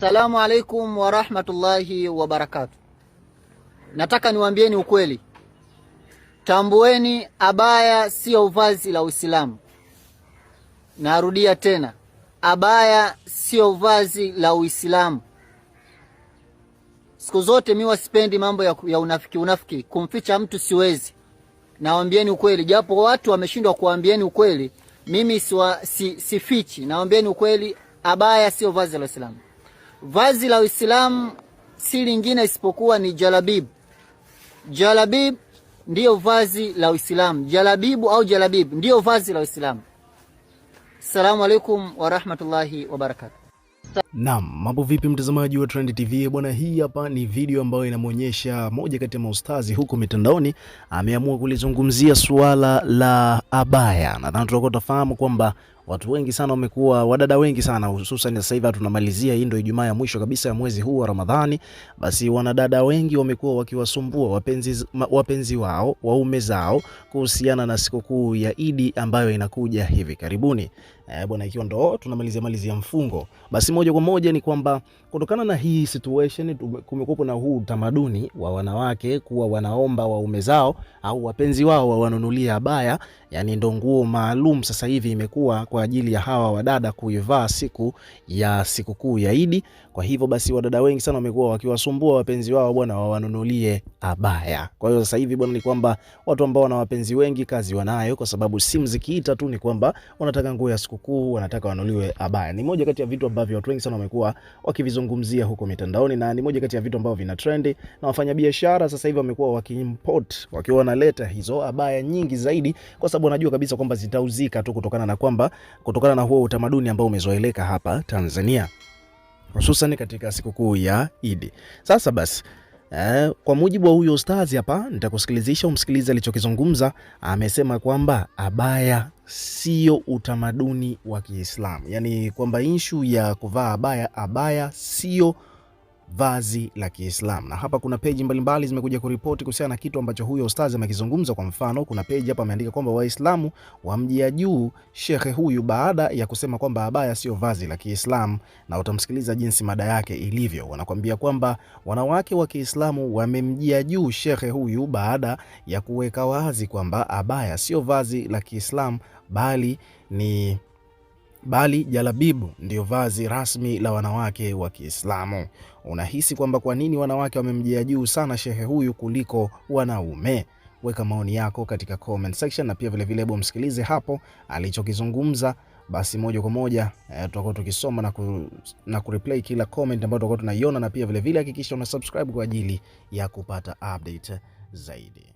Salamu alaikum warahmatullahi wabarakatu. Nataka niwaambieni ukweli, tambueni, abaya sio vazi la Uislamu. Narudia tena, abaya sio vazi la Uislamu. Siku zote mi wasipendi mambo ya, ya unafiki unafiki, kumficha mtu siwezi. Nawaambieni ukweli, japo watu wameshindwa kuwaambieni ukweli, mimi siwa, si, sifichi. Nawaambieni ukweli, abaya sio vazi la Uislamu. Vazi la Uislamu si lingine isipokuwa ni jalabib. Jalabib ndiyo vazi la Uislamu. Jalabibu au jalabib ndiyo vazi la Uislamu. Assalamu alaikum wa rahmatullahi wa barakatuh. Naam, mambo vipi mtazamaji wa Trend TV bwana, hii hapa ni video ambayo inamwonyesha moja kati ya maustazi huko mitandaoni ameamua kulizungumzia suala la abaya. Nadhani tutakuwa tutafahamu kwamba watu wengi sana wamekuwa wadada wengi sana hususan, sasa hivi tunamalizia, hii ndio Ijumaa ya mwisho kabisa ya mwezi huu wa Ramadhani. Basi wanadada wengi wamekuwa wakiwasumbua wapenzi, wapenzi wao waume zao kuhusiana na sikukuu ya Idi ambayo inakuja hivi karibuni. Eh, bwana, ikiwa ndo tunamalizia malizia mfungo, basi moja kwa moja ni kwamba kutokana na hii situation kumekuwa na huu utamaduni wa wanawake kuwa wanaomba waume zao au wapenzi wao wawanunulia abaya, yani ndo nguo maalum sasa hivi imekuwa kwa ajili ya hawa wadada kuivaa siku ya sikukuu ya Idi. Kwa hivyo basi, wadada wengi sana wamekuwa wakiwasumbua wapenzi wao bwana, wawanunulie abaya. Kwa hiyo sasa hivi bwana, ni kwamba watu ambao wana wapenzi wengi kazi wanayo, kwa sababu simu zikiita tu ni kwamba wanataka nguo ya sikukuu, wanataka wanunuliwe abaya. Ni moja kati ya vitu ambavyo watu wengi sana wamekuwa wakivizungumzia huko mitandaoni, na ni moja kati ya vitu ambavyo vina trendi, na wafanyabiashara sasa hivi wamekuwa wakiimport, wakiwa wanaleta hizo abaya nyingi zaidi, kwa sababu wanajua kabisa kwamba zitauzika tu kutokana na kwamba kutokana na huo utamaduni ambao umezoeleka hapa Tanzania, hususan katika sikukuu ya Idi. Sasa basi Eh, kwa mujibu wa huyo Stars hapa nitakusikilizisha umsikilize alichokizungumza. Amesema kwamba abaya sio utamaduni wa Kiislamu, yaani kwamba inshu ya kuvaa abaya abaya sio vazi la Kiislamu. Na hapa kuna peji mbalimbali zimekuja kuripoti kuhusiana na kitu ambacho huyo ustazi amekizungumza. Kwa mfano, kuna peji hapa ameandika kwamba Waislamu wa mji ya juu shekhe huyu baada ya kusema kwamba abaya sio vazi la Kiislamu, na utamsikiliza jinsi mada yake ilivyo. Wanakwambia kwamba wanawake wa Kiislamu wamemjia juu shekhe huyu baada ya kuweka wazi kwamba abaya sio vazi la Kiislamu bali ni bali jalabibu ndiyo vazi rasmi la wanawake wa Kiislamu. Unahisi kwamba kwa nini wanawake wamemjia juu sana shehe huyu kuliko wanaume? Weka maoni yako katika comment section, na pia vilevile, hebu msikilize hapo alichokizungumza basi moja kwa moja eh, tutakuwa tukisoma na, ku, na kureplay kila comment ambayo tutakuwa tunaiona, na pia vilevile hakikisha una subscribe kwa ajili ya kupata update zaidi.